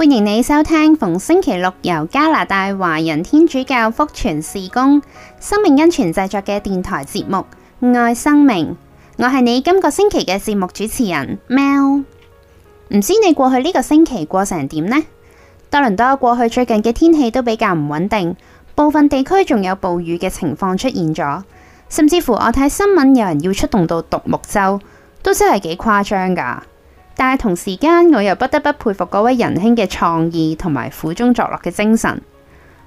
歡迎你收聽逢星期六由加拿大華人天主教福泉事工生命恩泉製作嘅電台節目《愛生命》，我係你今個星期嘅節目主持人 Mel。唔知你過去呢個星期過成點呢？多倫多過去最近嘅天氣都比較唔穩定，部分地區仲有暴雨嘅情況出現咗，甚至乎我睇新聞有人要出動到獨木舟，都真係幾誇張㗎。但係同時間，我又不得不佩服嗰位仁兄嘅創意同埋苦中作樂嘅精神。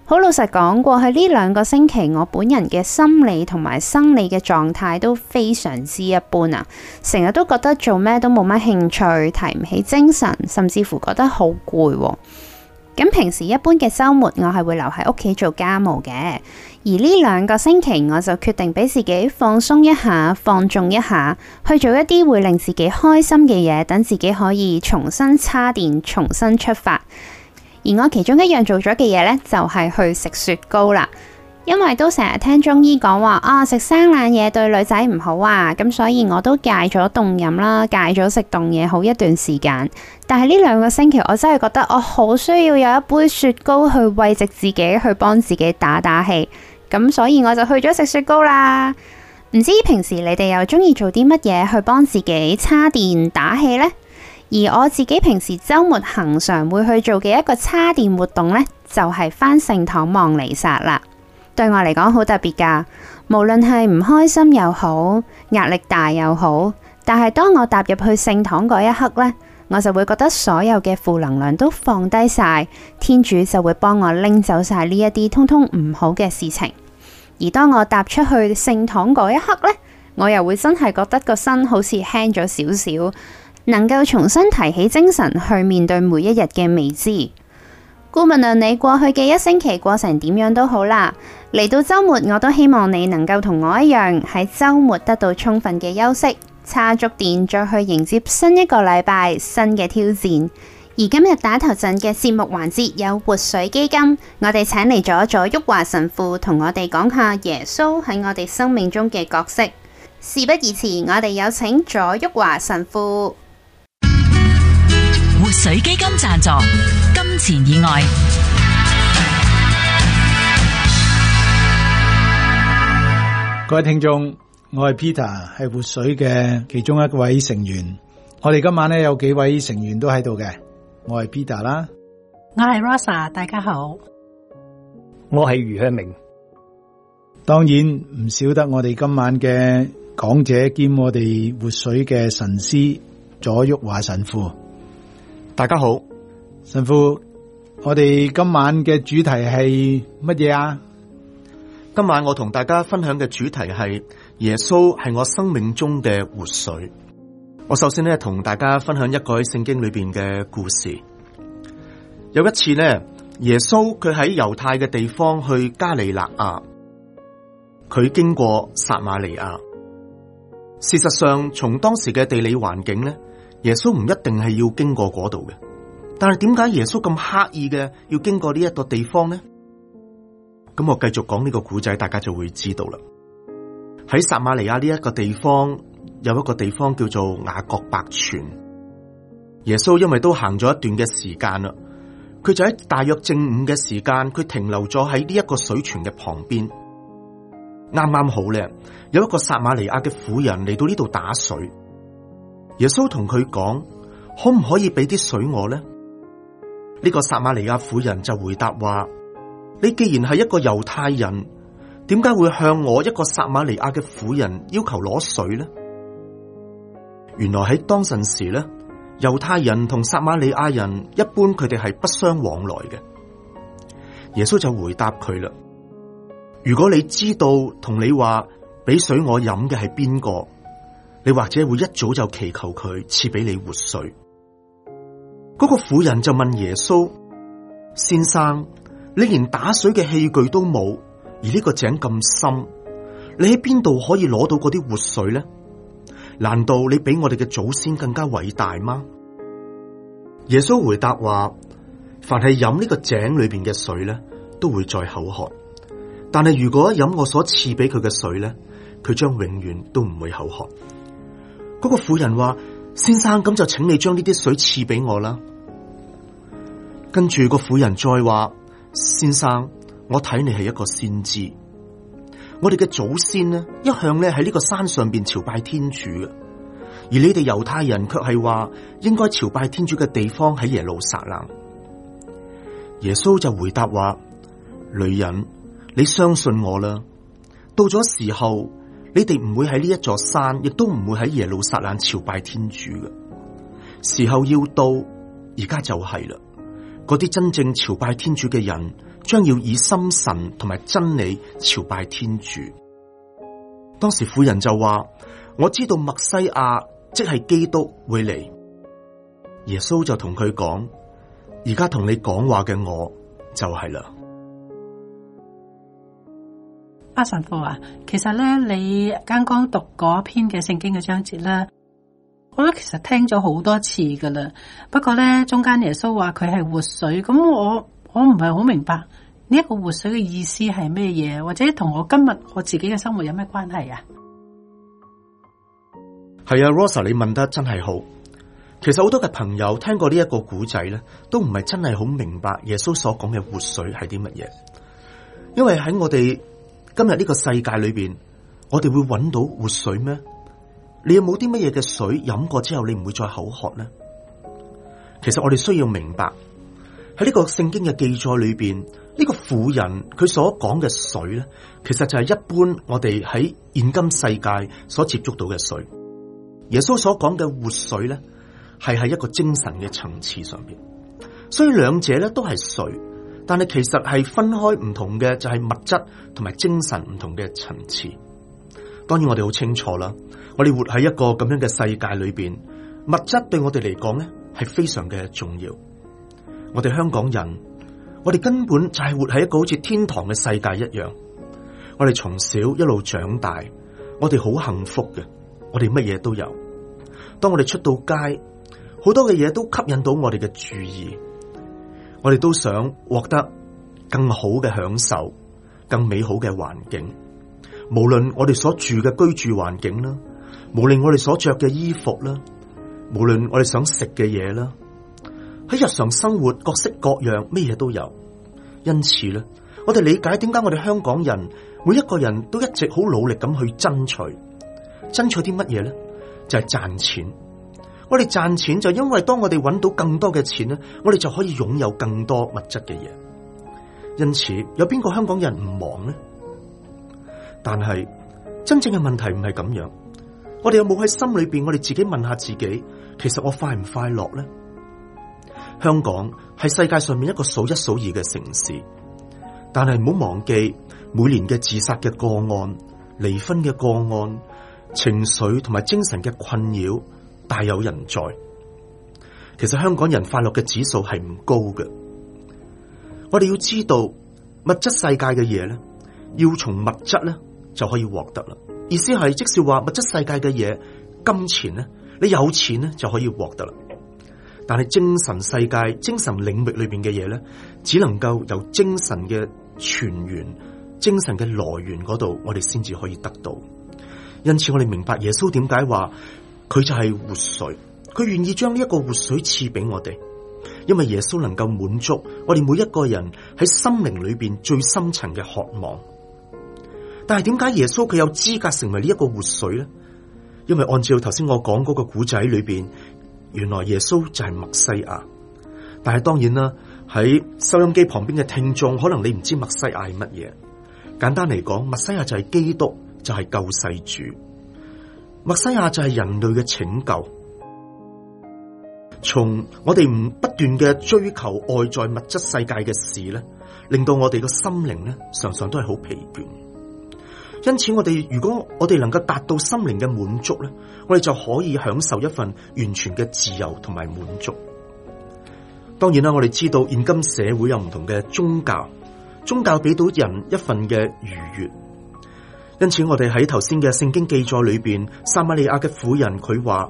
好老實講，過去呢兩個星期，我本人嘅心理同埋生理嘅狀態都非常之一般啊！成日都覺得做咩都冇乜興趣，提唔起精神，甚至乎覺得好攰。咁平時一般嘅周末，我係會留喺屋企做家務嘅。而呢兩個星期，我就決定俾自己放鬆一下，放縱一下，去做一啲會令自己開心嘅嘢，等自己可以重新叉電，重新出發。而我其中一樣做咗嘅嘢呢，就係去食雪糕啦。因為都成日聽中醫講話，哦，食生冷嘢對女仔唔好啊，咁所以我都戒咗凍飲啦，戒咗食凍嘢好一段時間。但係呢兩個星期我真係覺得我好需要有一杯雪糕去慰藉自己，去幫自己打打氣，咁所以我就去咗食雪糕啦。唔知平時你哋又中意做啲乜嘢去幫自己叉電打氣呢？而我自己平時周末恆常會去做嘅一個叉電活動呢，就係返聖堂望彌撒啦。對我嚟講好特別㗎，無論係唔開心又好，壓力大又好，但係當我踏入去聖堂嗰一刻呢，我就會覺得所有嘅負能量都放低晒，天主就會幫我拎走晒呢一啲通通唔好嘅事情。而當我踏出去聖堂嗰一刻呢，我又會真係覺得個身好似輕咗少少，能夠重新提起精神去面對每一日嘅未知。無論你過去嘅一星期過程點樣都好啦，嚟到周末我都希望你能夠同我一樣喺周末得到充分嘅休息，叉足電，再去迎接新一個禮拜新嘅挑戰。而今日打頭陣嘅節目環節有活水基金，我哋請嚟咗左旭華神父同我哋講下耶穌喺我哋生命中嘅角色。事不宜遲，我哋有請左旭華神父。水基金贊助，金錢以外。各位聽眾，我係 Peter，係活水嘅其中一位成員。我哋今晚咧，有幾位成員都喺度嘅，我係 Peter 啦，我係 Rosa，大家好，我係余向明。當然唔少得我哋今晚嘅講者兼我哋活水嘅神師左旭華神父。大家好，神父，我哋今晚嘅主題係乜嘢啊？今晚我同大家分享嘅主題係耶穌係我生命中嘅活水。我首先呢，同大家分享一個喺聖經裏邊嘅故事。有一次呢，耶穌佢喺猶太嘅地方去加利納亞，佢經過撒馬利亞。事實上，從當時嘅地理環境呢。耶穌唔一定係要經過嗰度嘅，但係點解耶穌咁刻意嘅要經過呢一個地方呢？咁我繼續講呢個古仔，大家就會知道啦。喺撒瑪利亞呢一個地方，有一個地方叫做雅各伯泉。耶穌因為都行咗一段嘅時間啦，佢就喺大約正午嘅時間，佢停留咗喺呢一個水泉嘅旁邊。啱啱好咧，有一個撒瑪利亞嘅婦人嚟到呢度打水。耶穌同佢講：可唔可以俾啲水我咧？呢個撒瑪利亞婦人就回答話：你既然係一個猶太人，點解會向我一個撒瑪利亞嘅婦人要求攞水咧？原來喺當陣時咧，猶太人同撒瑪利亞人一般，佢哋係不相往來嘅。耶穌就回答佢啦：如果你知道同你話俾水我飲嘅係邊個？你或者會一早就祈求佢賜俾你活水。嗰個婦人就問耶穌：先生，你連打水嘅器具都冇，而呢個井咁深，你喺邊度可以攞到嗰啲活水呢？難道你比我哋嘅祖先更加偉大嗎？耶穌回答話：凡係飲呢個井裏邊嘅水咧，都會再口渴，但係如果飲我所賜俾佢嘅水咧，佢將永遠都唔會口渴。嗰個婦人話：先生，咁就請你將呢啲水賜俾我啦。跟住個婦人再話：先生，我睇你係一個先知。我哋嘅祖先呢，一向呢喺呢個山上邊朝拜天主，而你哋猶太人卻係話應該朝拜天主嘅地方喺耶路撒冷。耶穌就回答話：女人，你相信我啦，到咗時候。你哋唔會喺呢一座山，亦都唔會喺耶路撒冷朝拜天主嘅時候要到，而家就係啦。嗰啲真正朝拜天主嘅人，將要以心神同埋真理朝拜天主。當時婦人就話：我知道默西亞即係、就是、基督會嚟。耶穌就同佢講：而家同你講話嘅我就，就係啦。阿神父啊，其實咧你剛剛讀嗰篇嘅聖經嘅章節啦，我都其實聽咗好多次噶啦。不過咧中間耶穌話佢係活水，咁我我唔係好明白呢一個活水嘅意思係咩嘢，或者同我今日我自己嘅生活有咩關係啊？係啊，Rosa，你問得真係好。其實好多嘅朋友聽過呢一個古仔咧，都唔係真係好明白耶穌所講嘅活水係啲乜嘢，因為喺我哋。今日呢個世界裏邊，我哋會搵到活水咩？你有冇啲乜嘢嘅水飲過之後，你唔會再口渴呢？其實我哋需要明白喺呢個聖經嘅記載裏邊，呢個婦人佢所講嘅水咧，其實就係一般我哋喺現今世界所接觸到嘅水。耶穌所講嘅活水咧，係喺一個精神嘅層次上邊，所以兩者咧都係水。但係其實係分開唔同嘅，就係物質同埋精神唔同嘅層次。當然我哋好清楚啦，我哋活喺一個咁樣嘅世界裏邊，物質對我哋嚟講咧係非常嘅重要。我哋香港人，我哋根本就係活喺一個好似天堂嘅世界一樣。我哋從小一路長大，我哋好幸福嘅，我哋乜嘢都有。當我哋出到街，好多嘅嘢都吸引到我哋嘅注意。我哋都想獲得更好嘅享受，更美好嘅環境。無論我哋所住嘅居住環境啦，無論我哋所着嘅衣服啦，無論我哋想食嘅嘢啦，喺日常生活各式各樣，咩嘢都有。因此咧，我哋理解點解我哋香港人每一個人都一直好努力咁去爭取，爭取啲乜嘢咧？就係賺錢。我哋賺錢就因為當我哋揾到更多嘅錢呢，我哋就可以擁有更多物質嘅嘢。因此，有邊個香港人唔忙呢？但係真正嘅問題唔係咁樣。我哋有冇喺心裏邊，我哋自己問下自己，其實我快唔快樂呢？香港係世界上面一個數一數二嘅城市，但係唔好忘記每年嘅自殺嘅個案、離婚嘅個案、情緒同埋精神嘅困擾。大有人在。其實香港人快樂嘅指數係唔高嘅。我哋要知道物質世界嘅嘢咧，要從物質咧就可以獲得啦。意思係，即係話物質世界嘅嘢，金錢咧，你有錢咧就可以獲得啦。但係精神世界、精神領域裏邊嘅嘢咧，只能夠由精神嘅泉源、精神嘅來源嗰度，我哋先至可以得到。因此，我哋明白耶穌點解話。佢就係活水，佢願意將呢一個活水賜俾我哋，因為耶穌能夠滿足我哋每一個人喺心靈裏邊最深層嘅渴望。但係點解耶穌佢有資格成為呢一個活水咧？因為按照頭先我講嗰個古仔裏邊，原來耶穌就係麥西亞。但係當然啦，喺收音機旁邊嘅聽眾，可能你唔知麥西亞係乜嘢。簡單嚟講，麥西亞就係基督，就係、是、救世主。默西亞就係人類嘅拯救，從我哋唔不斷嘅追求外在物質世界嘅事咧，令到我哋個心靈咧，常常都係好疲倦。因此我，我哋如果我哋能夠達到心靈嘅滿足咧，我哋就可以享受一份完全嘅自由同埋滿足。當然啦，我哋知道現今社會有唔同嘅宗教，宗教俾到人一份嘅愉悅。因此，我哋喺頭先嘅聖經記載裏邊，撒瑪利亞嘅婦人佢話：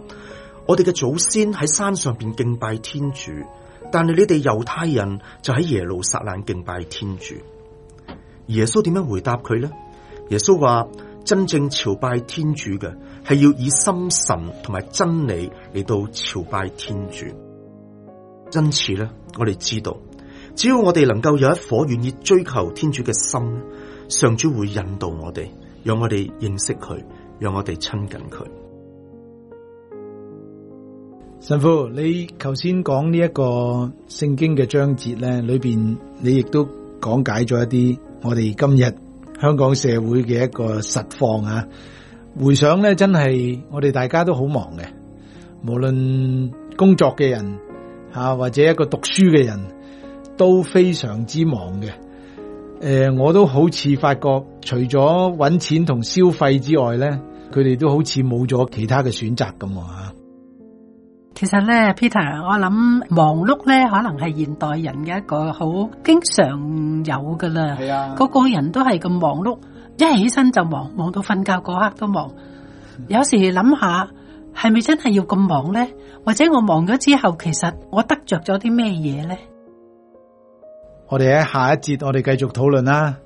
我哋嘅祖先喺山上邊敬拜天主，但係你哋猶太人就喺耶路撒冷敬拜天主。耶穌點樣回答佢咧？耶穌話：真正朝拜天主嘅係要以心神同埋真理嚟到朝拜天主。因此咧，我哋知道，只要我哋能夠有一顆願意追求天主嘅心，上主會引導我哋。讓我哋認識佢，讓我哋親近佢。神父，你頭先講呢一個聖經嘅章節咧，裏邊你亦都講解咗一啲我哋今日香港社會嘅一個實況啊！回想咧，真係我哋大家都好忙嘅，無論工作嘅人啊，或者一個讀書嘅人都非常之忙嘅。誒、呃，我都好似發覺，除咗搵錢同消費之外咧，佢哋都好似冇咗其他嘅選擇咁啊。其實咧，Peter，我諗忙碌咧，可能係現代人嘅一個好經常有噶啦。係啊，個個人都係咁忙碌，一起身就忙，忙到瞓覺嗰刻都忙。有時諗下，係咪真係要咁忙咧？或者我忙咗之後，其實我得着咗啲咩嘢咧？我哋喺下一節，我哋繼續討論啦。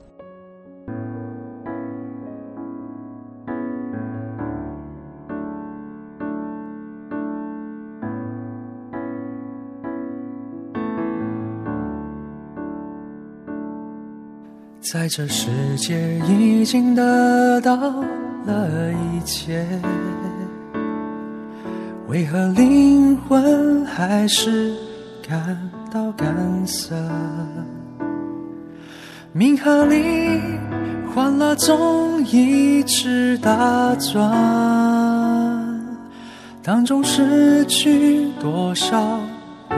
在這世界已經得到了一切，為何靈魂還是乾到乾澀，名和利換了總一直打轉，當中失去多少，如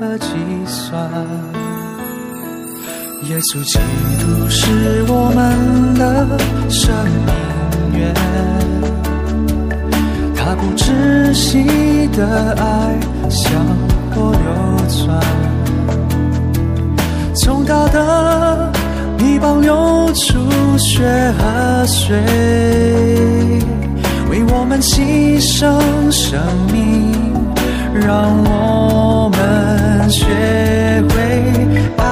何計算？耶穌基督是我們的生命源。他不止息的愛像。流轉，從他的臂膀流出血和水，為我們犧牲生，生命，讓我們學會愛，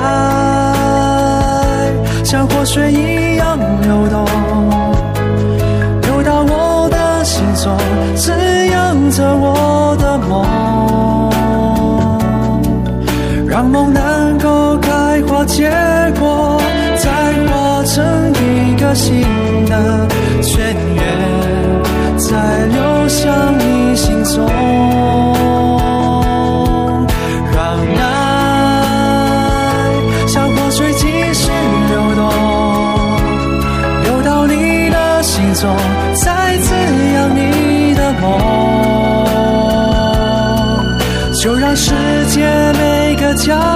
像活水一樣流動，流到我的心中，滋養着我的夢。心的泉源，再流向你心中，讓愛像河水繼續流動，流到你的心中，再滋養你的夢。就讓世界每個角落。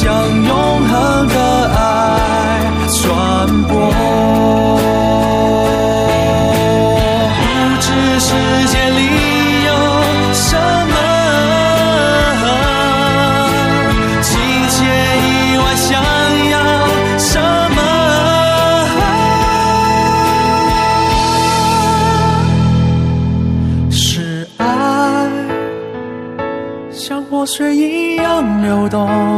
將永恆的愛傳播，不知世界裏有什麼，金錢以外想要什麼，啊、是愛，像河水一樣流動。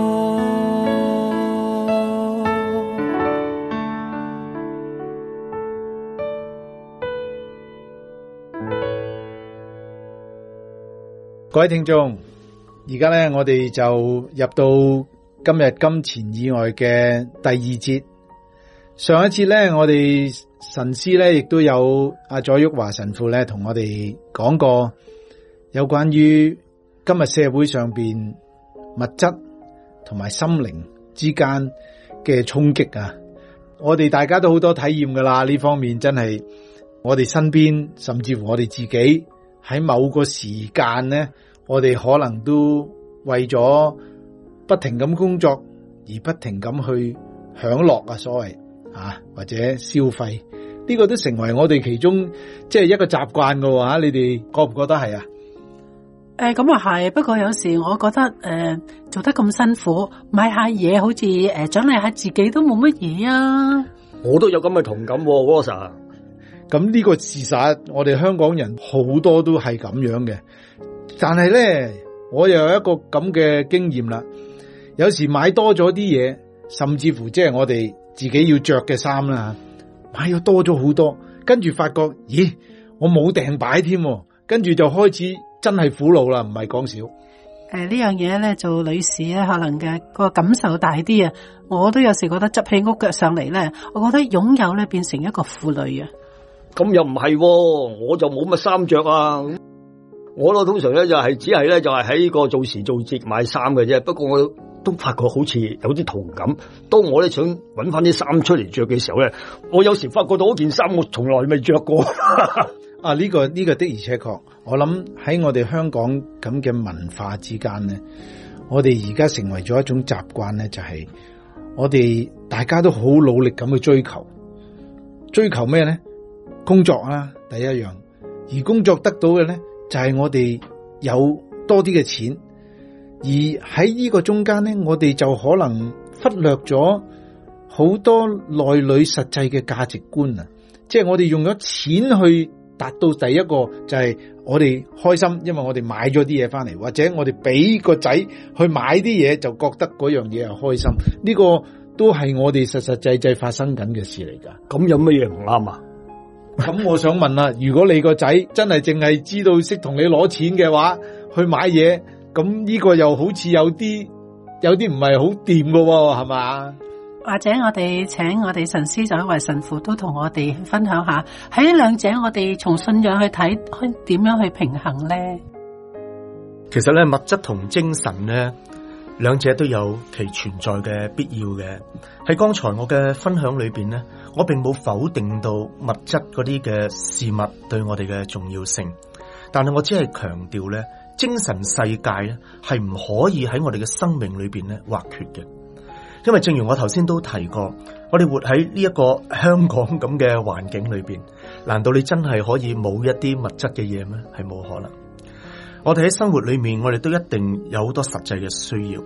各位聽眾，而家咧，我哋就入到今日金錢以外嘅第二節。上一節咧，我哋神師咧，亦都有阿、啊、左玉華神父咧，同我哋講過有關於今日社會上邊物質同埋心靈之間嘅衝擊啊！我哋大家都好多體驗噶啦，呢方面真係我哋身邊，甚至乎我哋自己。喺某個時間咧，我哋可能都為咗不停咁工作而不停咁去享樂啊，所謂啊或者消費，呢、這個都成為我哋其中即係一個習慣嘅話、啊，你哋覺唔覺得係啊？誒，咁啊係，不過有時我覺得誒、呃、做得咁辛苦，買下嘢好似誒、呃、獎勵下自己都冇乜嘢啊！我都有咁嘅同感 w、啊、a 咁呢個事實，我哋香港人好多都係咁樣嘅。但係咧，我又有一個咁嘅經驗啦。有時買多咗啲嘢，甚至乎即係我哋自己要着嘅衫啦，買咗多咗好多。跟住發覺，咦，我冇訂擺添，跟住就開始真係苦惱啦，唔係講笑，誒、呃，呢樣嘢咧，做女士咧，可能嘅個感受大啲啊。我都有時覺得執起屋腳上嚟咧，我覺得擁有咧變成一個婦女啊。咁又唔係，哦，我就冇乜衫着啊！我咯通常咧就係、是、只係咧就係喺呢個做時做節買衫嘅啫。不過我都發覺好似有啲同感。當我咧想揾翻啲衫出嚟着嘅時候咧，我有時發覺到件衫我從來未着過 。啊，呢、這個呢、這個的而且確，我諗喺我哋香港咁嘅文化之間咧，我哋而家成為咗一種習慣咧，就係、是、我哋大家都好努力咁去追求，追求咩咧？工作啊，第一樣，而工作得到嘅咧就係我哋有多啲嘅錢，而喺呢個中間咧，我哋就可能忽略咗好多內裏實際嘅價值觀啊！即係我哋用咗錢去達到第一個就係我哋開心，因為我哋買咗啲嘢翻嚟，或者我哋俾個仔去買啲嘢，就覺得嗰樣嘢係開心。呢個都係我哋實實際際發生緊嘅事嚟噶，咁有乜嘢唔啱啊？咁我想問啦，如果你個仔真係淨係知道識同你攞錢嘅話去買嘢，咁呢個又好似有啲有啲唔係好掂噶，係 嘛樂？或者我哋請我哋神師就一位神父都同我哋分享下，喺呢兩者我哋從信仰去睇，去點樣去平衡咧？其實咧物質同精神咧。兩者都有其存在嘅必要嘅。喺剛才我嘅分享裏邊咧，我並冇否定到物質嗰啲嘅事物對我哋嘅重要性，但係我只係強調咧，精神世界咧係唔可以喺我哋嘅生命裏邊咧或缺嘅。因為正如我頭先都提過，我哋活喺呢一個香港咁嘅環境裏邊，難道你真係可以冇一啲物質嘅嘢咩？係冇可能。我哋喺生活裏面，我哋都一定有好多實際嘅需要，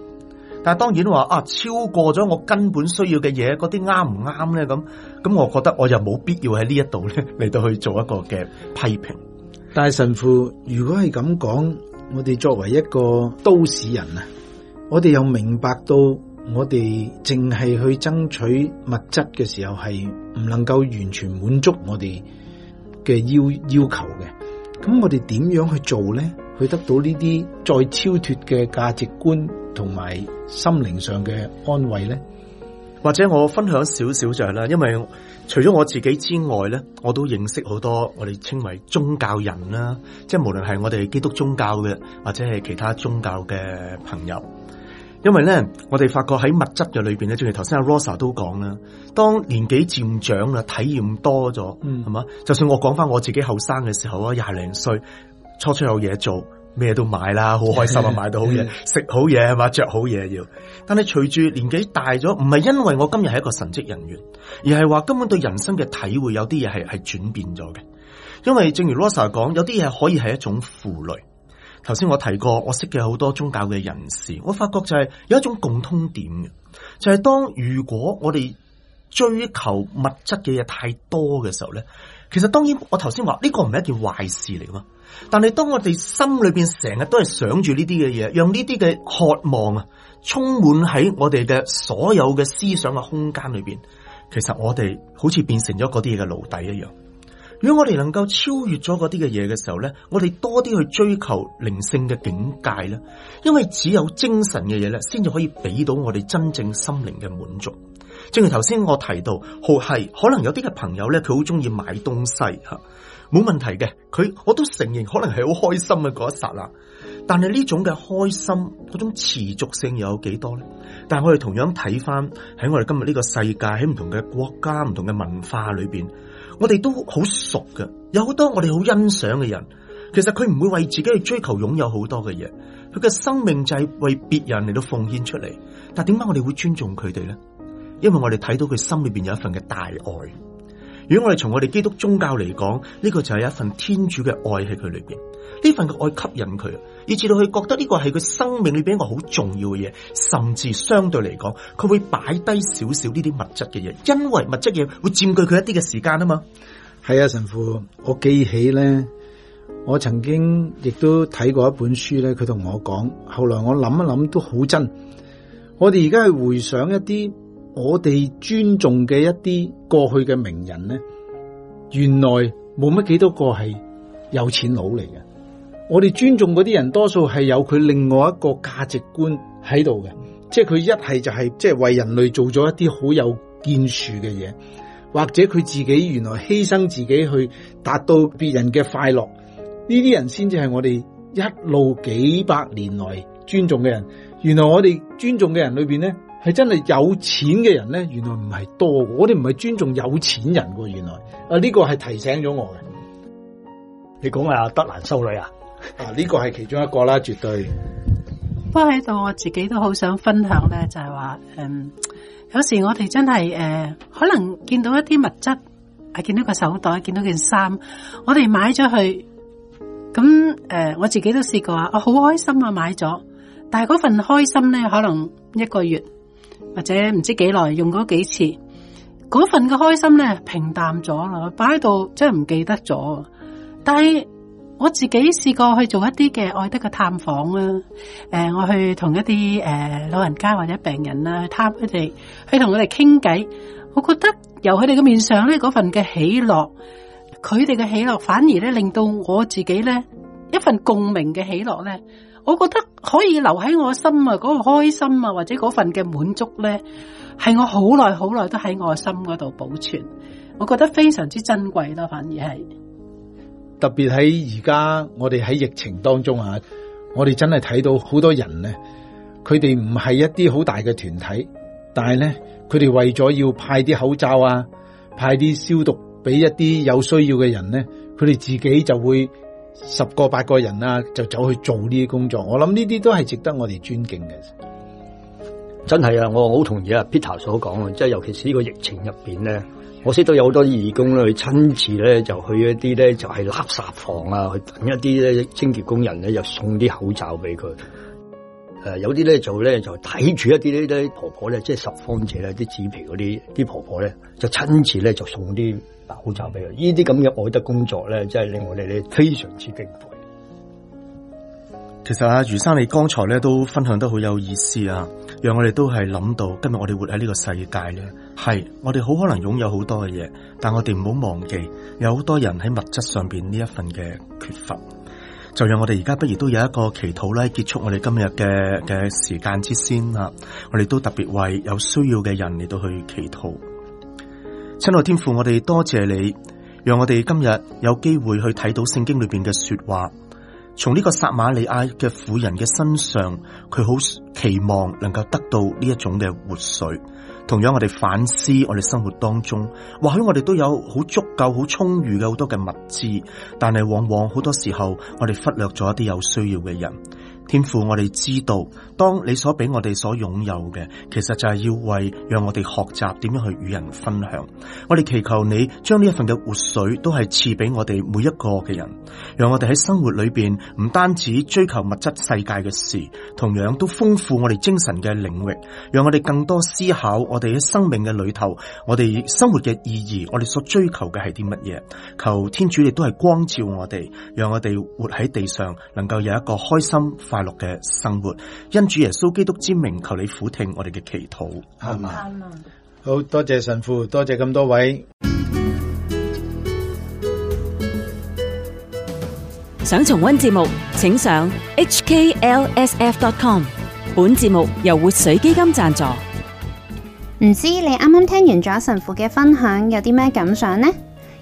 但係當然話啊，超過咗我根本需要嘅嘢，嗰啲啱唔啱咧？咁咁，我覺得我又冇必要喺呢一度咧，嚟到去做一個嘅批評。但係神父，如果係咁講，我哋作為一個都市人啊，我哋又明白到我哋淨係去爭取物質嘅時候，係唔能夠完全滿足我哋嘅要要求嘅。咁我哋點樣去做咧？去得到呢啲再超脫嘅價值觀同埋心靈上嘅安慰咧，或者我分享少少就係啦，因為除咗我自己之外咧，我都認識好多我哋稱為宗教人啦，即係無論係我哋基督宗教嘅，或者係其他宗教嘅朋友。因為咧，我哋發覺喺物質嘅裏邊咧，正如頭先阿 Rosa 都講啦，當年紀漸長啦，體驗多咗，嗯，係嘛，就算我講翻我自己後生嘅時候啊，廿零歲。初初有嘢做，咩都買啦，好開心啊！買到好嘢，食 好嘢，嘛着好嘢要。但係隨住年紀大咗，唔係因為我今日係一個神職人員，而係話根本對人生嘅體會有啲嘢係係轉變咗嘅。因為正如羅 Sir 講，有啲嘢可以係一種負累。頭先我提過，我識嘅好多宗教嘅人士，我發覺就係有一種共通點嘅，就係、是，當如果我哋追求物質嘅嘢太多嘅時候咧。其實當然我，我頭先話呢個唔係一件壞事嚟噶嘛。但係當我哋心裏邊成日都係想住呢啲嘅嘢，讓呢啲嘅渴望啊充滿喺我哋嘅所有嘅思想嘅空間裏邊，其實我哋好似變成咗嗰啲嘢嘅奴隸一樣。如果我哋能夠超越咗嗰啲嘅嘢嘅時候咧，我哋多啲去追求靈性嘅境界咧，因為只有精神嘅嘢咧，先至可以俾到我哋真正心靈嘅滿足。正如頭先我提到，好係可能有啲嘅朋友咧，佢好鍾意買東西吓，冇問題嘅。佢我都承認，可能係好開心嘅嗰一剎啦。但係呢種嘅開心，嗰種持續性又有幾多咧？但係我哋同樣睇翻喺我哋今日呢個世界，喺唔同嘅國家、唔同嘅文化裏邊，我哋都好熟嘅，有好多我哋好欣賞嘅人。其實佢唔會為自己去追求擁有好多嘅嘢，佢嘅生命就係為別人嚟到奉獻出嚟。但係點解我哋會尊重佢哋咧？因為我哋睇到佢心裏邊有一份嘅大愛，如果我哋從我哋基督宗教嚟講，呢個就係一份天主嘅愛喺佢裏邊，呢份嘅愛吸引佢，以至到佢覺得呢個係佢生命裏邊一個好重要嘅嘢，甚至相對嚟講，佢會擺低少少呢啲物質嘅嘢，因為物質嘢會佔據佢一啲嘅時間啊嘛。係啊，神父，我記起咧，我曾經亦都睇過一本書咧，佢同我講，後來我諗一諗都好真。我哋而家係回想一啲。我哋尊重嘅一啲過去嘅名人咧，原來冇乜幾多個係有錢佬嚟嘅。我哋尊重嗰啲人，多數係有佢另外一個價值觀喺度嘅，即係佢一係就係即係為人類做咗一啲好有建樹嘅嘢，或者佢自己原來犧牲自己去達到別人嘅快樂，呢啲人先至係我哋一路幾百年來尊重嘅人。原來我哋尊重嘅人裏邊咧，係真係有錢嘅人咧，原來唔係多。我哋唔係尊重有錢人嘅。原來啊，呢、這個係提醒咗我嘅。你講啊，德蘭修女啊，啊呢、這個係其中一個啦，絕對。不過喺度，我自己都好想分享咧，就係、是、話，嗯，有時我哋真係誒、嗯，可能見到一啲物質，啊，見到個手袋，啊、見到件衫，我哋買咗去，咁、嗯、誒、啊，我自己都試過啊，我好開心啊，買咗，但係嗰份開心咧，可能一個月。或者唔知幾耐用嗰幾次，嗰份嘅開心咧，平淡咗啦，我擺喺度真係唔記得咗。但係我自己試過去做一啲嘅愛德嘅探訪啦，誒、呃，我去同一啲誒、呃、老人家或者病人啦，去探佢哋，去同佢哋傾偈。我覺得由佢哋嘅面上咧，嗰份嘅喜樂，佢哋嘅喜樂反而咧，令到我自己咧一份共鳴嘅喜樂咧。我覺得可以留喺我心啊，嗰個開心啊，或者嗰份嘅滿足咧，係我好耐好耐都喺我心嗰度保存。我覺得非常之珍貴咯，反而係特別喺而家，我哋喺疫情當中啊，我哋真係睇到好多人咧，佢哋唔係一啲好大嘅團體，但係咧，佢哋為咗要派啲口罩啊，派啲消毒俾一啲有需要嘅人咧，佢哋自己就會。十個八個人啊，就走去做呢啲工作。我諗呢啲都係值得我哋尊敬嘅。真係啊，我好同意啊，Peter 所講，即係尤其是呢個疫情入邊咧，我識到有好多義工咧，去親自咧就去一啲咧就係垃圾房啊，去等一啲咧清潔工人咧，又送啲口罩俾佢。誒、啊，有啲咧就咧就睇住一啲咧婆婆咧，即係拾荒者咧，啲紙皮嗰啲啲婆婆咧，就親自咧就送啲口罩俾佢。呢啲咁嘅愛德工作咧，真係令我哋咧非常之敬佩。其實阿、啊、余生你剛才咧都分享得好有意思啊，讓我哋都係諗到今日我哋活喺呢個世界咧，係我哋好可能擁有好多嘅嘢，但我哋唔好忘記有好多人喺物質上邊呢一份嘅缺乏。就讓我哋而家不如都有一個祈禱咧，結束我哋今日嘅嘅時間之先啦。我哋都特別為有需要嘅人嚟到去祈禱。親愛天父，我哋多謝你，讓我哋今日有機會去睇到聖經裏邊嘅說話。從呢個撒瑪利亞嘅婦人嘅身上，佢好期望能夠得到呢一種嘅活水。同樣我哋反思我哋生活當中，或許我哋都有好足夠、好充裕嘅好多嘅物資，但係往往好多時候我哋忽略咗一啲有需要嘅人。天父，我哋知道。當你所俾我哋所擁有嘅，其實就係要為讓我哋學習點樣去與人分享。我哋祈求你將呢一份嘅活水都係賜俾我哋每一個嘅人，讓我哋喺生活裏面唔單止追求物質世界嘅事，同樣都豐富我哋精神嘅領域，讓我哋更多思考我哋喺生命嘅裏頭，我哋生活嘅意義，我哋所追求嘅係啲乜嘢？求天主你都係光照我哋，讓我哋活喺地上能夠有一個開心快樂嘅生活。因主耶穌基督之名，求你俯聽我哋嘅祈禱，係嘛嗎？好多謝神父，多謝咁多位。想重温節目，請上 hklsf.com。本節目由活水基金贊助。唔知你啱啱聽完咗神父嘅分享，有啲咩感想呢？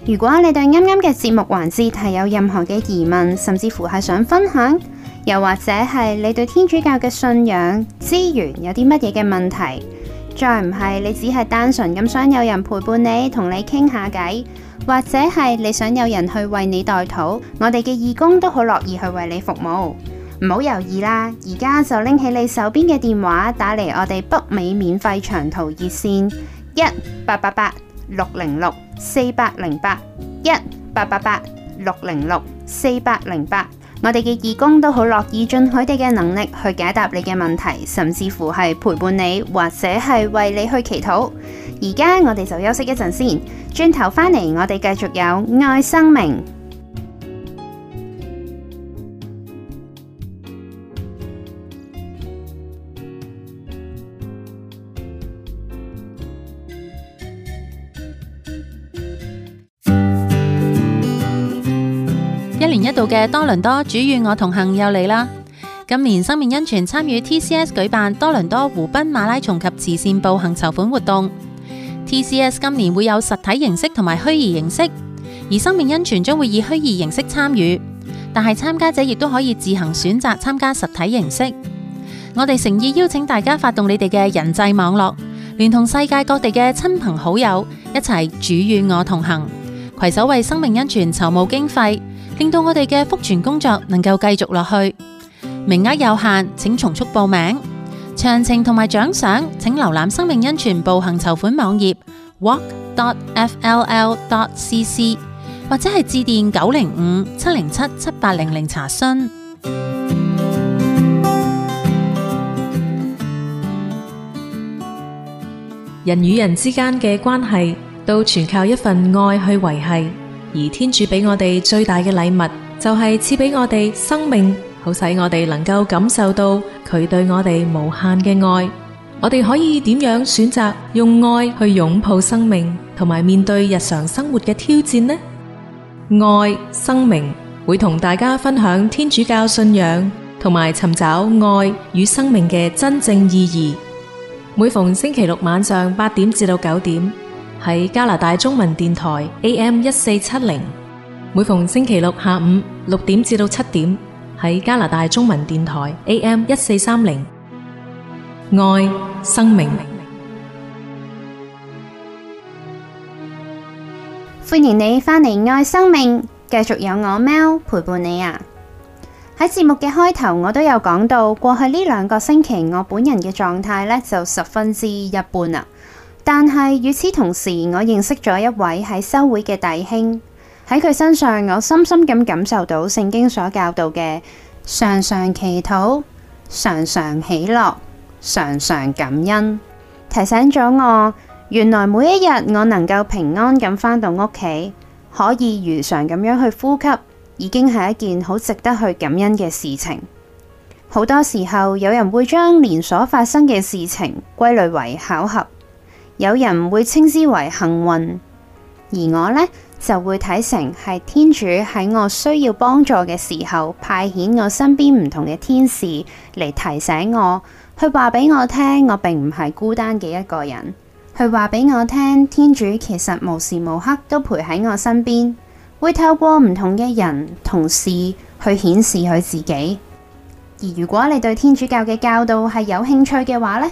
如果你對啱啱嘅節目環節係有任何嘅疑問，甚至乎係想分享。又或者係你對天主教嘅信仰、資源有啲乜嘢嘅問題，再唔係你只係單純咁想有人陪伴你，同你傾下偈，或者係你想有人去為你代禱，我哋嘅義工都好樂意去為你服務，唔好猶豫啦，而家就拎起你手邊嘅電話，打嚟我哋北美免費長途熱線一八八八六零六四八零八一八八八六零六四八零八。我哋嘅義工都好樂意盡佢哋嘅能力去解答你嘅問題，甚至乎係陪伴你，或者係為你去祈禱。而家我哋就休息一陣先，轉頭返嚟我哋繼續有愛生命。一度嘅多倫多主與我同行又嚟啦。今年生命恩泉參與 TCS 舉辦多倫多湖濱馬拉松及慈善步行籌款活動。TCS 今年會有實體形式同埋虛擬形式，而生命恩泉將會以虛擬形式參與，但係參加者亦都可以自行選擇參加實體形式。我哋誠意邀請大家發動你哋嘅人際網絡，連同世界各地嘅親朋好友一齊主與我同行，攜手爲生命恩泉籌募經費，令到我哋嘅福傳工作能夠繼續落去。名額有限，請從速報名。詳情同埋獎賞，請瀏覽生命恩泉步行籌款網頁 walk.dot.fll.dot.cc，或者係致電九零五七零七七八零零查詢。人與人之間嘅關係，都全靠一份愛去維繫。而天主俾我哋最大嘅禮物，就係賜俾我哋生命，好使我哋能夠感受到佢對我哋無限嘅愛。我哋可以點樣選擇用愛去擁抱生命，同埋面對日常生活嘅挑戰呢？愛、生命，會同大家分享天主教信仰，同埋尋找愛與生命嘅真正意義。每逢星期六晚上八點至到九點。喺加拿大中文電台 AM 一四七零，每逢星期六下午六點至到七點，喺加拿大中文電台 AM 一四三零，愛生命。歡迎你返嚟愛生命，繼續有我喵陪伴你啊！喺節目嘅開頭，我都有講到，過去呢兩個星期，我本人嘅狀態呢就十分之一般啊。但係，與此同時，我認識咗一位喺修會嘅弟兄，喺佢身上，我深深咁感受到聖經所教導嘅常常祈禱、常常喜樂、常常感恩，提醒咗我原來每一日我能夠平安咁返到屋企，可以如常咁樣去呼吸，已經係一件好值得去感恩嘅事情。好多時候，有人會將連鎖發生嘅事情歸類為巧合。有人會稱之為幸運，而我呢，就會睇成係天主喺我需要幫助嘅時候派遣我身邊唔同嘅天使嚟提醒我，佢話俾我聽，我並唔係孤單嘅一個人。佢話俾我聽，天主其實無時無刻都陪喺我身邊，會透過唔同嘅人、同事去顯示佢自己。而如果你對天主教嘅教導係有興趣嘅話呢。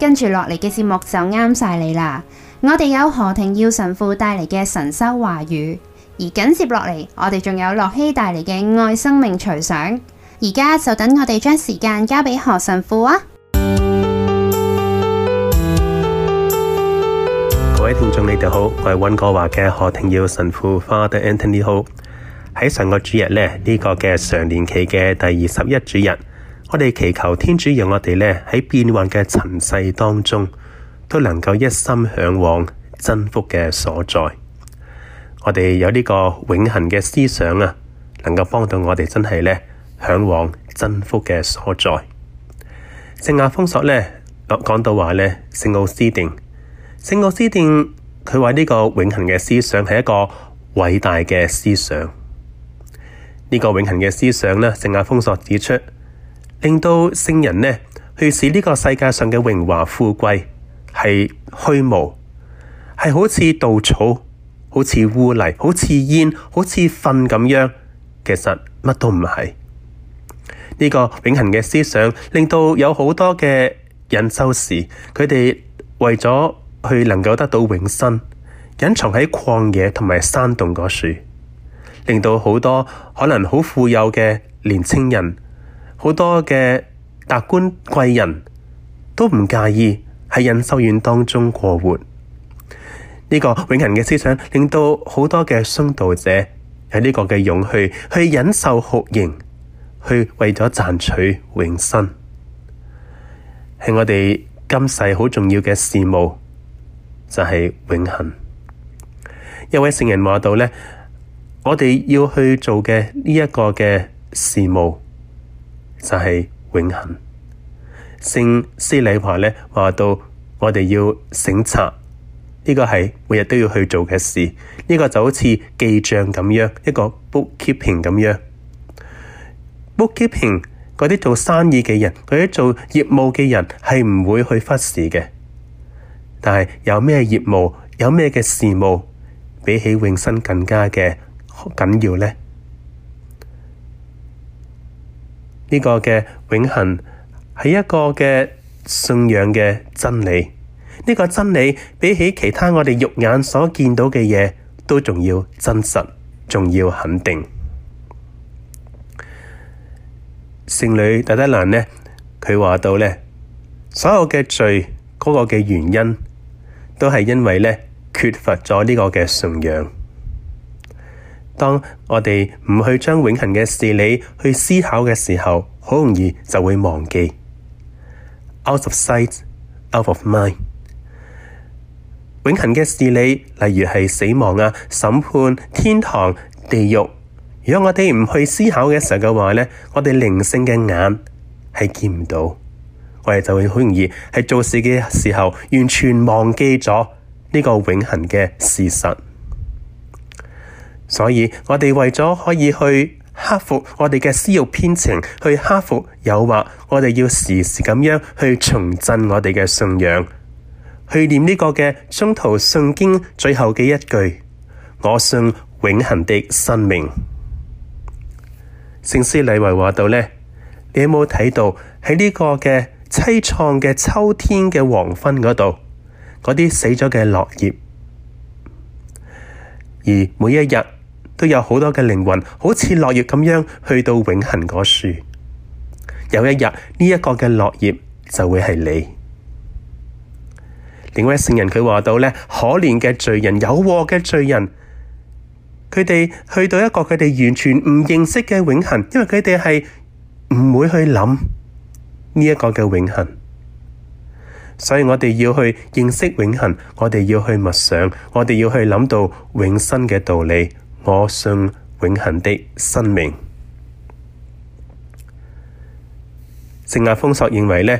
跟住落嚟嘅節目就啱晒你啦！我哋有何庭耀神父帶嚟嘅神修話語，而緊接落嚟我哋仲有樂熙帶嚟嘅愛生命隨想。而家就等我哋將時間交俾何神父啊！各位聽眾你哋好，我係溫哥華嘅何庭耀神父 Father Anthony Ho，喺上個主日呢，呢個嘅常年期嘅第二十一主日。這個我哋祈求天主，讓我哋呢喺變幻嘅塵世當中都能夠一心向往真福嘅所在。我哋有呢個永恆嘅思想啊，能夠幫到我哋，真係呢，向往真福嘅所在。聖亞方索呢，講到話呢聖奧斯定聖奧斯定佢話呢個永恆嘅思想係一個偉大嘅思想。呢、這個永恆嘅思想呢，聖亞方索指出。令到聖人呢去使呢個世界上嘅榮華富貴係虛無，係好似稻草、好似污泥，好似煙，好似糞咁樣。其實乜都唔係。呢個永恒嘅思想令到有好多嘅隱修士，佢哋為咗去能夠得到永生，隱藏喺曠野同埋山洞嗰處，令到好多可能好富有嘅年青人。好多嘅達官貴人都唔介意喺隱修院當中過活呢。這個永恆嘅思想，令到好多嘅鬆道者喺呢個嘅勇氣去忍受酷刑，去為咗賺取永生，係我哋今世好重要嘅事務就係、是、永恆。一位聖人話到咧，我哋要去做嘅呢一個嘅事務。就係永恆。聖斯理話咧話到，我哋要省察，呢、這個係每日都要去做嘅事。呢、這個就好似記賬咁樣，一個 bookkeeping 咁樣。bookkeeping 嗰啲做生意嘅人，佢啲做業務嘅人係唔會去忽視嘅。但係有咩業務，有咩嘅事務，比起永生更加嘅緊要咧？呢個嘅永恆係一個嘅信仰嘅真理，呢個真理比起其他我哋肉眼所見到嘅嘢，都仲要真實，仲要肯定。聖女大德蘭呢，佢話到呢，所有嘅罪嗰個嘅原因，都係因為呢，缺乏咗呢個嘅信仰。當我哋唔去將永恒嘅事理去思考嘅時候，好容易就會忘記。Out of sight, out of mind。永恒嘅事理，例如係死亡啊、審判、天堂、地獄。如果我哋唔去思考嘅時候嘅話呢，我哋靈性嘅眼係見唔到，我哋就會好容易係做事嘅時候完全忘記咗呢個永恒嘅事實。所以我哋為咗可以去克服我哋嘅私欲偏情，去克服誘惑，我哋要時時咁樣去重振我哋嘅信仰，去念呢個嘅中途信經最後嘅一句：我信永恒的生命。聖師李維話到咧，你有冇睇到喺呢個嘅淒愴嘅秋天嘅黃昏嗰度，嗰啲死咗嘅落葉，而每一日。都有好多嘅靈魂，好似落葉咁樣去到永恒嗰樹。有一日呢一個嘅落葉就會係你。另一位聖人佢話到咧，可憐嘅罪人，有禍嘅罪人，佢哋去到一個佢哋完全唔認識嘅永恒，因為佢哋係唔會去諗呢一個嘅永恒。所以我哋要去認識永恒，我哋要去默想，我哋要去諗到永生嘅道理。我信永恆的生命。聖亞封索認為呢，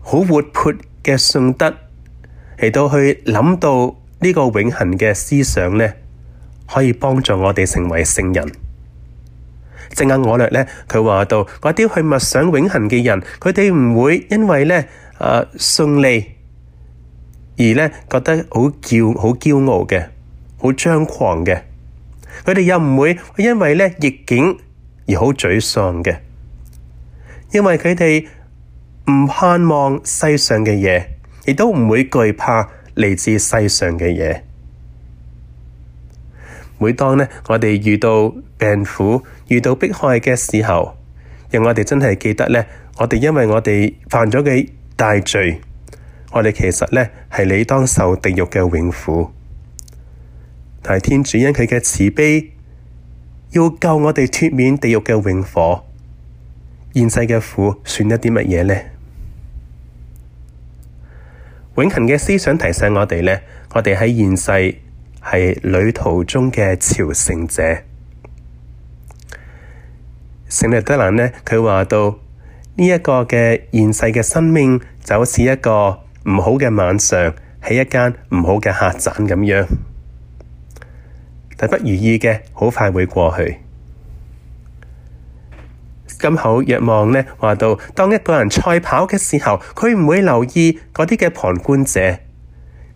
好活潑嘅信德嚟到去諗到呢個永恆嘅思想呢，可以幫助我哋成為聖人。聖亞我略呢，佢話到嗰啲去默想永恆嘅人，佢哋唔會因為呢誒、呃、順利而呢覺得好驕好驕傲嘅，好張狂嘅。佢哋又唔會因為咧逆境而好沮喪嘅，因為佢哋唔盼望世上嘅嘢，亦都唔會懼怕嚟自世上嘅嘢。每當咧我哋遇到病苦、遇到迫害嘅時候，讓我哋真係記得呢，我哋因為我哋犯咗嘅大罪，我哋其實呢係理當受地獄嘅永苦。大天主因佢嘅慈悲，要救我哋脱免地獄嘅永火。現世嘅苦算一啲乜嘢呢？永恒嘅思想提醒我哋呢，我哋喺現世係旅途中嘅朝聖者。聖列德蘭呢，佢話到呢一個嘅現世嘅生命就好似一個唔好嘅晚上喺一間唔好嘅客棧咁樣。係不如意嘅，好快會過去。金口若望呢，話到，當一個人賽跑嘅時候，佢唔會留意嗰啲嘅旁觀者，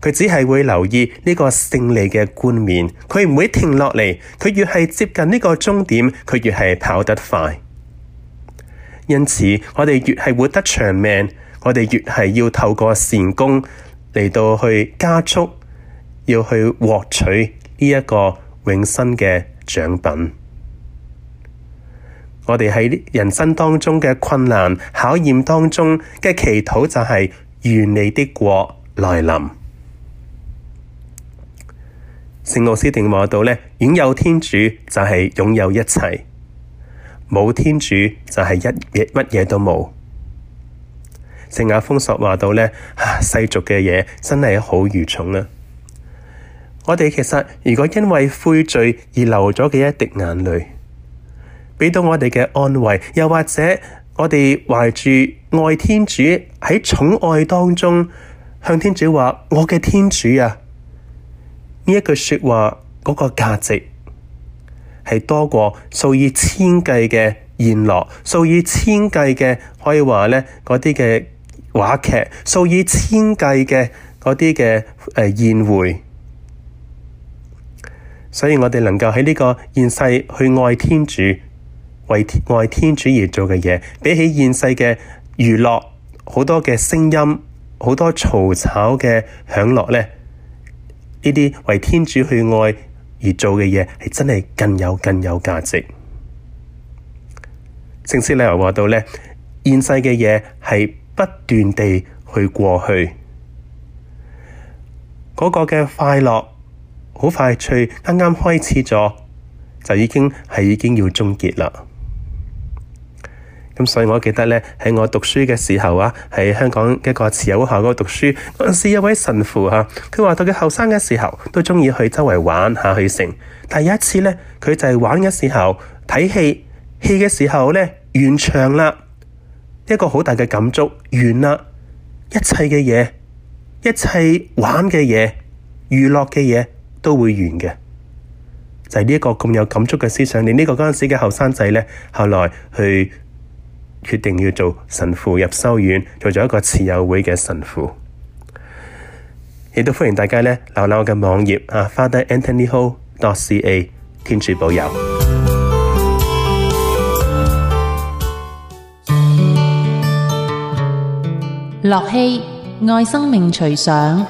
佢只係會留意呢個勝利嘅冠冕。佢唔會停落嚟，佢越係接近呢個終點，佢越係跑得快。因此，我哋越係活得長命，我哋越係要透過善功嚟到去加速，要去獲取呢、這、一個。永生嘅獎品，我哋喺人生當中嘅困難考驗當中嘅祈禱就係，願你的國來臨。聖奧斯定話到呢，擁有天主就係擁有一切，冇,天主就係乜嘢都冇。聖雅封索話到呢，世俗嘅嘢真係好愚蠢啊！我哋其實如果因為悔罪而流咗嘅一滴眼淚，畀到我哋嘅安慰，又或者我哋懷住愛天主喺寵愛當中向天主話：我嘅天主啊，呢一句說話嗰個價值係多過數以千計嘅言樂，數以千計嘅可以呢話呢嗰啲嘅話劇，數以千計嘅嗰啲嘅誒宴會。呃所以我哋能夠喺呢個現世去愛天主，為愛天，天主而做嘅嘢，比起現世嘅娛樂、好多嘅聲音、好多嘈吵嘅享樂呢，呢啲為天主去愛而做嘅嘢，係真係更有更有價值。正式嚟敖話到呢，現世嘅嘢係不斷地去過去，嗰、嗰個嘅快樂。好快脆，啱啱開始咗，就已經係已經要終結啦。咁所以我記得咧，喺我讀書嘅時候啊，喺香港一個慈幼學校嗰度讀書嗰陣時，有位神父啊，佢話到佢後生嘅時候都鍾意去周圍玩下，去成。但有一次咧，佢就係玩嘅時候睇戲，戲嘅時候咧完場啦，一個好大嘅感觸完啦，一切嘅嘢，一切玩嘅嘢，娛樂嘅嘢。都會完嘅，就係呢一個咁有感觸嘅思想。你呢個嗰陣時嘅後生仔咧，後來去決定要做神父入修院，做咗一個慈幼會嘅神父，亦都歡迎大家咧瀏覽我嘅網頁啊，Father Anthony Ho dot C A，天主保佑。樂器，愛生命隨想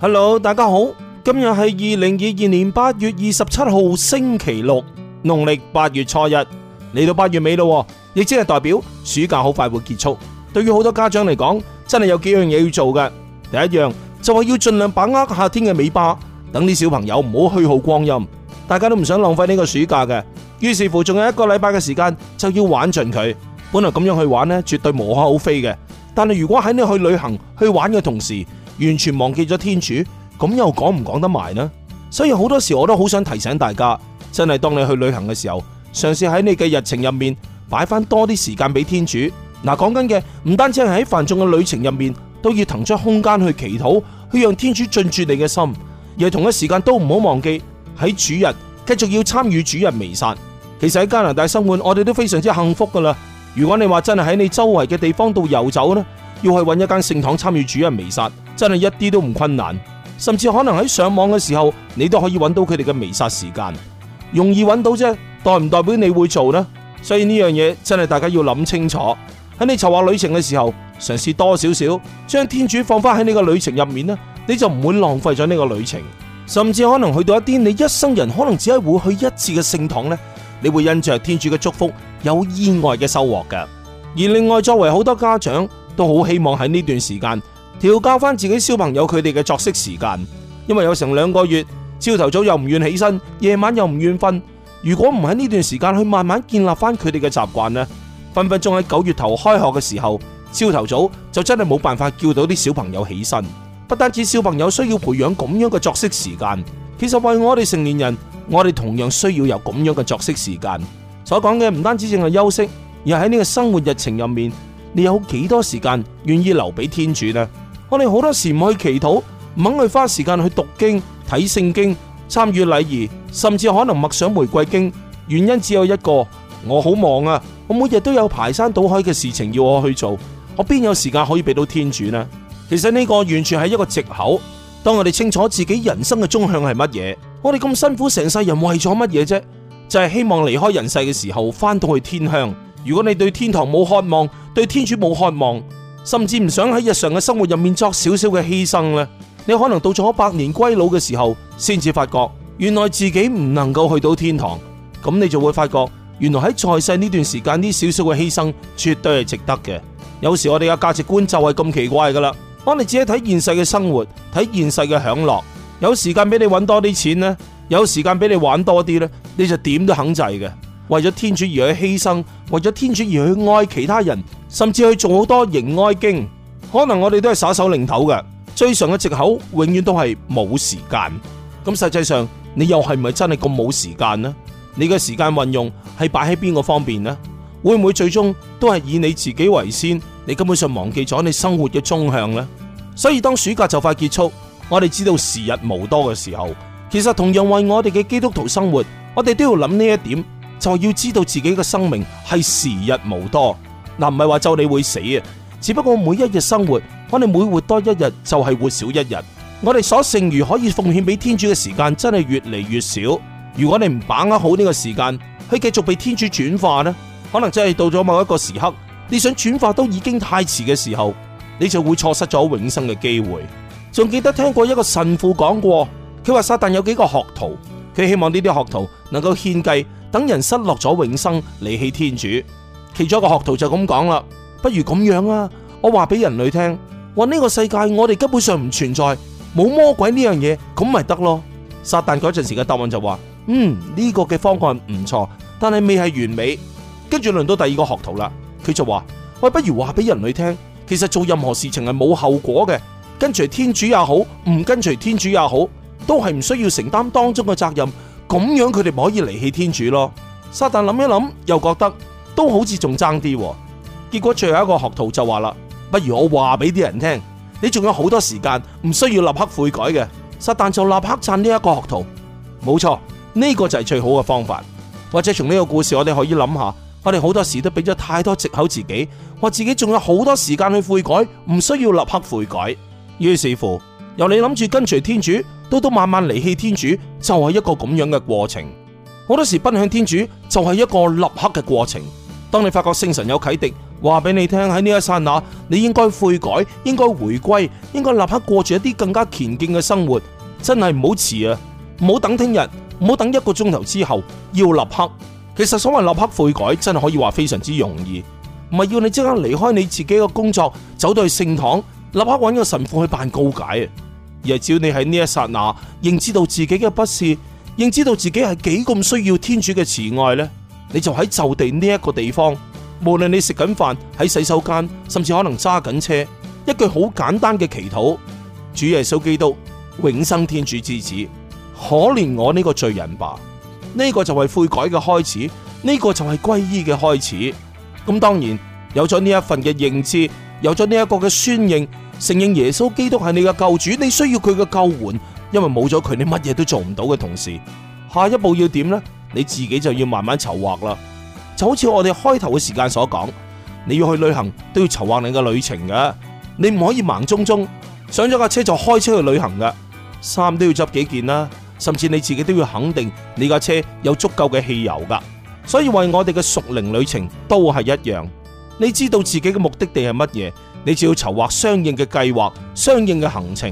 ，Hello，大家好。今日係二零二二年八月二十七號星期六，農曆八月初一。嚟到八月尾咯，亦即係代表暑假好快會結束。對於好多家長嚟講，真係有幾樣嘢要做嘅。第一樣就係要盡量把握夏天嘅尾巴，等啲小朋友唔好虛耗光陰。大家都唔想浪費呢個暑假嘅，於是乎仲有一個禮拜嘅時間就要玩盡佢。本來咁樣去玩呢，絕對無可厚非嘅。但係如果喺你去旅行去玩嘅同時，完全忘記咗天主。咁又講唔講得埋呢？所以好多時我都好想提醒大家，真係當你去旅行嘅時候，嘗試喺你嘅日程入面擺翻多啲時間俾天主。嗱、啊，講緊嘅唔單止係喺繁重嘅旅程入面都要騰出空間去祈禱，去讓天主進駐你嘅心，而同一時間都唔好忘記喺主日繼續要參與主日彌撒。其實喺加拿大生活，我哋都非常之幸福噶啦。如果你話真係喺你周圍嘅地方度遊走呢，要去揾一間聖堂參與主日彌撒，真係一啲都唔困難。甚至可能喺上網嘅時候，你都可以揾到佢哋嘅彌撒時間，容易揾到啫。代唔代表你會做呢？所以呢樣嘢真係大家要諗清楚。喺你籌劃旅程嘅時候，嘗試多少少，將天主放返喺你個旅程入面呢，你就唔會浪費咗呢個旅程。甚至可能去到一啲你一生人可能只係會去一次嘅聖堂呢，你會因着天主嘅祝福有意外嘅收穫㗎。而另外，作為好多家長都好希望喺呢段時間。調教翻自己小朋友佢哋嘅作息時間，因為有成兩個月，朝頭早又唔願起身，夜晚又唔願瞓。如果唔喺呢段時間去慢慢建立翻佢哋嘅習慣呢，分分鐘喺九月頭開學嘅時候，朝頭早就真係冇辦法叫到啲小朋友起身。不單止小朋友需要培養咁樣嘅作息時間，其實為我哋成年人，我哋同樣需要有咁樣嘅作息時間。所講嘅唔單止淨係休息，而係喺呢個生活日程入面，你有幾多時間願意留俾天主呢？我哋好多時唔去祈禱，唔肯去花時間去讀經、睇聖經、參與禮儀，甚至可能默想玫瑰經。原因只有一個：我好忙啊！我每日都有排山倒海嘅事情要我去做，我邊有時間可以俾到天主呢？其實呢個完全係一個藉口。當我哋清楚自己人生嘅終向係乜嘢，我哋咁辛苦成世人為咗乜嘢啫？就係希望離開人世嘅時候翻到去天鄉。如果你對天堂冇渴望，對天主冇渴望。甚至唔想喺日常嘅生活入面作少少嘅犧牲呢。你可能到咗百年歸老嘅時候，先至發覺原來自己唔能夠去到天堂，咁你就會發覺原來喺在、在世呢段時間啲少少嘅犧牲絕對係值得嘅。有時我哋嘅價值觀就係咁奇怪噶啦，當你自己睇現世嘅生活，睇現世嘅享樂，有時間俾你揾多啲錢呢，有時間俾你玩多啲呢，你就點都肯制嘅。為咗天主而去犧牲，為咗天主而去愛其他人，甚至去做好多形哀矜，可能我哋都係耍手擰頭嘅。最常嘅借口永遠都係冇時間。咁實際上你又係唔係真係咁冇時間呢？你嘅時間運用係擺喺邊個方面呢？會唔會最終都係以你自己為先？你根本上忘記咗你生活嘅終向呢？所以當暑假就快結束，我哋知道時日無多嘅時候，其實同樣為我哋嘅基督徒生活，我哋都要諗呢一點。就要知道自己嘅生命係時日無多，嗱唔係話就你會死啊，只不過每一日生活，我哋每活多一日就係活少一日，我哋所剩餘可以奉獻俾天主嘅時間真係越嚟越少。如果你唔把握好呢個時間去繼續被天主轉化呢，可能真係到咗某一個時刻，你想轉化都已經太遲嘅時候，你就會錯失咗永生嘅機會。仲記得聽過一個神父講過，佢話撒旦有幾個學徒，佢希望呢啲學徒能夠獻計。等人失落咗永生，離棄天主。其中一個學徒就咁講啦：不如咁樣啊！我話俾人類聽，話呢個世界我哋根本上唔存在，冇魔鬼呢樣嘢，咁咪得咯。撒旦嗰陣時嘅答案就話：嗯，呢個嘅方案唔錯，但係未係完美。跟住輪到第二個學徒啦，佢就話：喂，不如話俾人類聽，其實做任何事情係冇後果嘅。跟隨天主也好，唔跟隨天主也好，都係唔需要承擔當中嘅責任。咁樣佢哋唔可以離棄天主咯，撒旦諗一諗又覺得都好似仲爭啲，結果最後一個學徒就話啦：不如我話俾啲人聽，你仲有好多時間，唔需要立刻悔改嘅。撒旦就立刻讚呢一個學徒，冇錯，呢個就係最好嘅方法。或者從呢個故事，我哋可以諗下，我哋好多時都俾咗太多藉口自己，話自己仲有好多時間去悔改，唔需要立刻悔改。於是乎。由你諗住跟隨天主，都到慢慢離棄天主，就係、是、一個咁樣嘅過程。好多時奔向天主就係、是、一個立刻嘅過程。當你發覺聖神有啟迪，話俾你聽喺呢一剎那，你應該悔改，應該回歸，應該立刻過住一啲更加乾淨嘅生活。真係唔好遲啊，唔好等聽日，唔好等一個鐘頭之後，要立刻。其實所謂立刻悔改，真係可以話非常之容易，唔係要你即刻離開你自己嘅工作，走到去聖堂，立刻揾個神父去辦告解啊。而係只要你喺呢一剎那，認知道自己嘅不是，認知道自己係幾咁需要天主嘅慈愛呢，你就喺就地呢一個地方，無論你食緊飯、喺洗手間，甚至可能揸緊車，一句好簡單嘅祈禱：主耶穌基督，永生天主之子，可憐我呢個罪人吧！呢、這個就係悔改嘅開始，呢、這個就係皈依嘅開始。咁、嗯、當然有咗呢一份嘅認知，有咗呢一個嘅宣認。承認耶穌基督係你嘅救主，你需要佢嘅救援，因為冇咗佢你乜嘢都做唔到嘅同時，下一步要點呢？你自己就要慢慢籌劃啦。就好似我哋開頭嘅時間所講，你要去旅行都要籌劃你嘅旅程噶，你唔可以盲中中上咗架車就開車去旅行噶。衫都要執幾件啦，甚至你自己都要肯定你架車有足夠嘅汽油噶。所以為我哋嘅屬靈旅程都係一樣。你知道自己嘅目的地係乜嘢？你只要籌劃相應嘅計劃、相應嘅行程，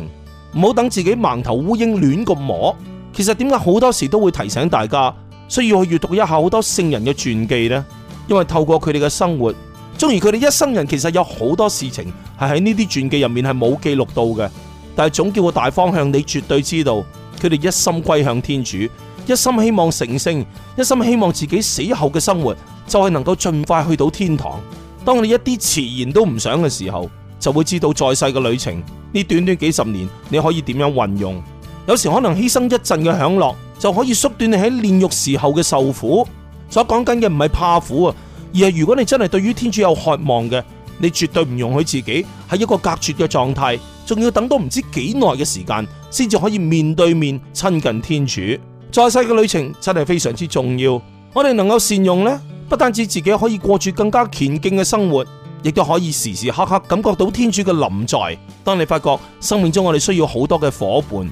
唔好等自己盲頭烏蠅亂咁摸。其實點解好多時都會提醒大家需要去閱讀一下好多聖人嘅傳記呢？因為透過佢哋嘅生活，縱然佢哋一生人其實有好多事情係喺呢啲傳記入面係冇記錄到嘅，但係總結個大方向，你絕對知道佢哋一心歸向天主，一心希望成聖，一心希望自己死後嘅生活就係能夠盡快去到天堂。當你一啲遲延都唔想嘅時候，就會知道在世嘅旅程呢，短短幾十年，你可以點樣運用？有時可能犧牲一陣嘅享樂，就可以縮短你喺煉獄時候嘅受苦。所講緊嘅唔係怕苦啊，而係如果你真係對於天主有渴望嘅，你絕對唔容許自己係一個隔絕嘅狀態，仲要等到唔知幾耐嘅時間，先至可以面對面親近天主。在世嘅旅程真係非常之重要，我哋能夠善用呢。不單止自己可以過住更加虔敬嘅生活，亦都可以時時刻刻感覺到天主嘅臨在。當你發覺生命中我哋需要好多嘅伙伴，呢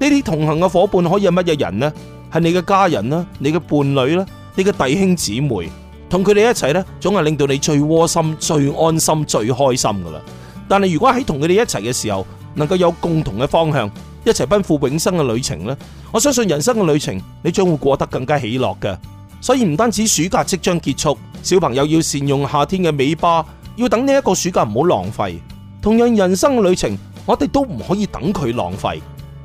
啲同行嘅伙伴可以係乜嘢人呢？係你嘅家人啦，你嘅伴侶啦，你嘅弟兄姊妹，同佢哋一齊呢，總係令到你最窩心、最安心、最開心噶啦。但係如果喺同佢哋一齊嘅時候，能夠有共同嘅方向，一齊奔赴永生嘅旅程呢，我相信人生嘅旅程你將會過得更加喜樂嘅。所以唔單止暑假即將結束，小朋友要善用夏天嘅尾巴，要等呢一個暑假唔好浪費。同樣人生旅程，我哋都唔可以等佢浪費。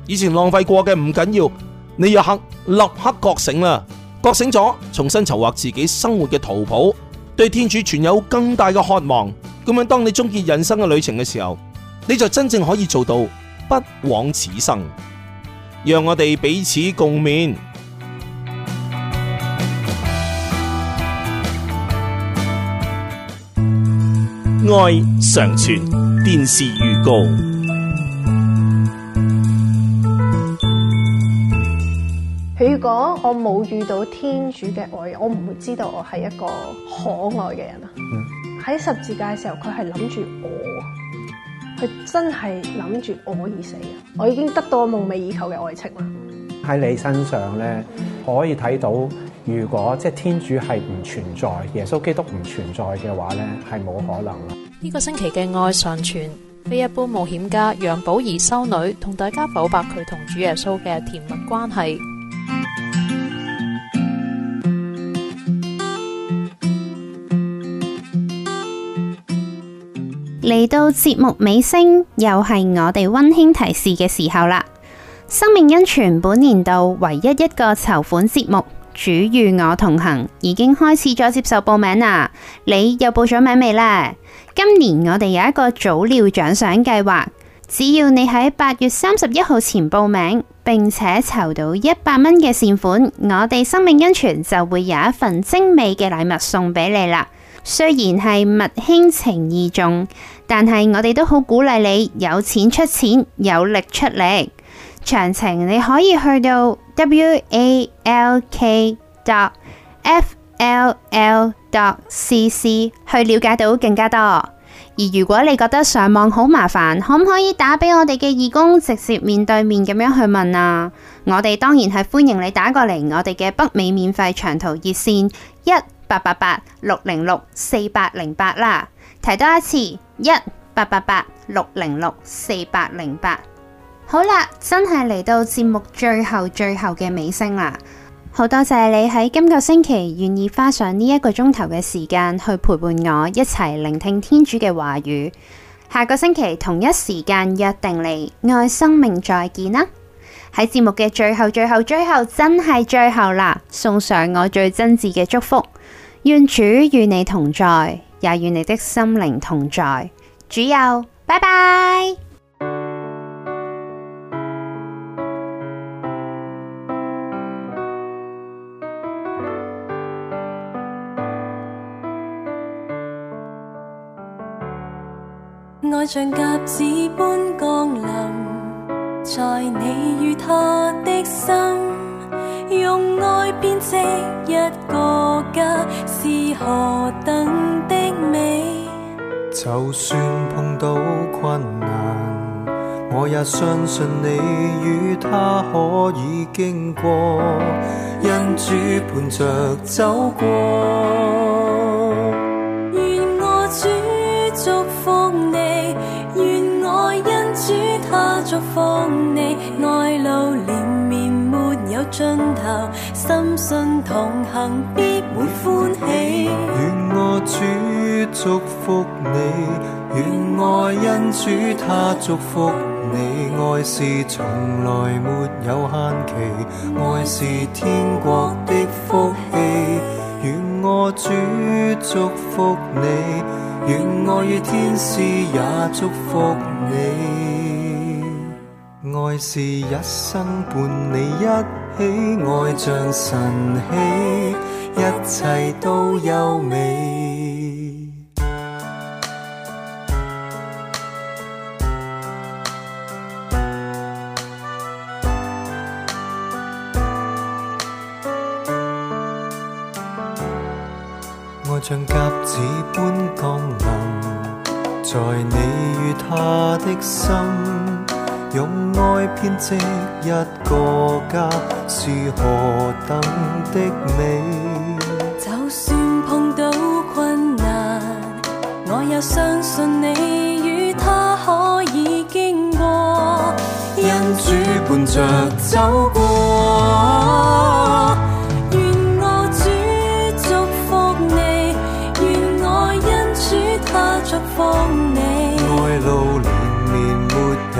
以前浪費過嘅唔緊要，你要立刻覺醒啦，覺醒咗，重新籌劃自己生活嘅圖譜，對天主存有更大嘅渴望。咁樣當你終結人生嘅旅程嘅時候，你就真正可以做到不枉此生。讓我哋彼此共勉。愛常傳電視預告。如果我冇遇到天主嘅愛，我唔會知道我係一個可愛嘅人啊！喺、嗯、十字架嘅時候，佢係諗住我，佢真係諗住我而死啊！我已經得到我夢寐以求嘅愛情啦！喺你身上咧，嗯、可以睇到。如果即係天主係唔存在，耶穌基督唔存在嘅話呢，係冇可能。呢個星期嘅愛上傳非一般冒險家楊寶儀修女同大家剖白佢同主耶穌嘅甜蜜關係。嚟到節目尾聲，又係我哋溫馨提示嘅時候啦。生命恩泉本年度唯一一個籌款節目。主與我同行已經開始咗接受報名啦，你又報咗名未呢？今年我哋有一個早鳥獎賞計劃，只要你喺八月三十一號前報名，並且籌到一百蚊嘅善款，我哋生命恩泉就會有一份精美嘅禮物送俾你啦。雖然係物輕情意重，但係我哋都好鼓勵你有錢出錢，有力出力。詳情你可以去到 walk.fll.cc 去了解到更加多。而如果你覺得上網好麻煩，可唔可以打俾我哋嘅義工直接面對面咁樣去問啊？我哋當然係歡迎你打過嚟我哋嘅北美免費長途熱線一八八八六零六四八零八啦。提多一次，一八八八六零六四八零八。好啦，真係嚟到節目最後最後嘅尾聲啦！好多謝你喺今個星期願意花上呢一個鐘頭嘅時間去陪伴我一齊聆聽天主嘅話語。下個星期同一時間約定你愛生命，再見啦！喺節目嘅最後最後最後真係最後啦，送上我最真摯嘅祝福，願主與你同在，也與你的心靈同在。主佑，拜拜。像鴿子般降臨在你與他的心，用愛編織一個家，是何等的美。就算碰到困難，我也相信你與他可以經過，因主伴着走過。祝福你，愛路連綿沒有盡頭，深信同行必會歡喜。願我主祝福你，願愛恩主祂祝，祝福你，愛是從來沒有限期，愛是天國的福氣。願我主祝福你，願愛與天使也祝福你。愛是一生伴你一起，愛，像晨曦，一切都優美。是何等的美，就算碰到困難，我也相信你與他可以經過。因主伴着走過。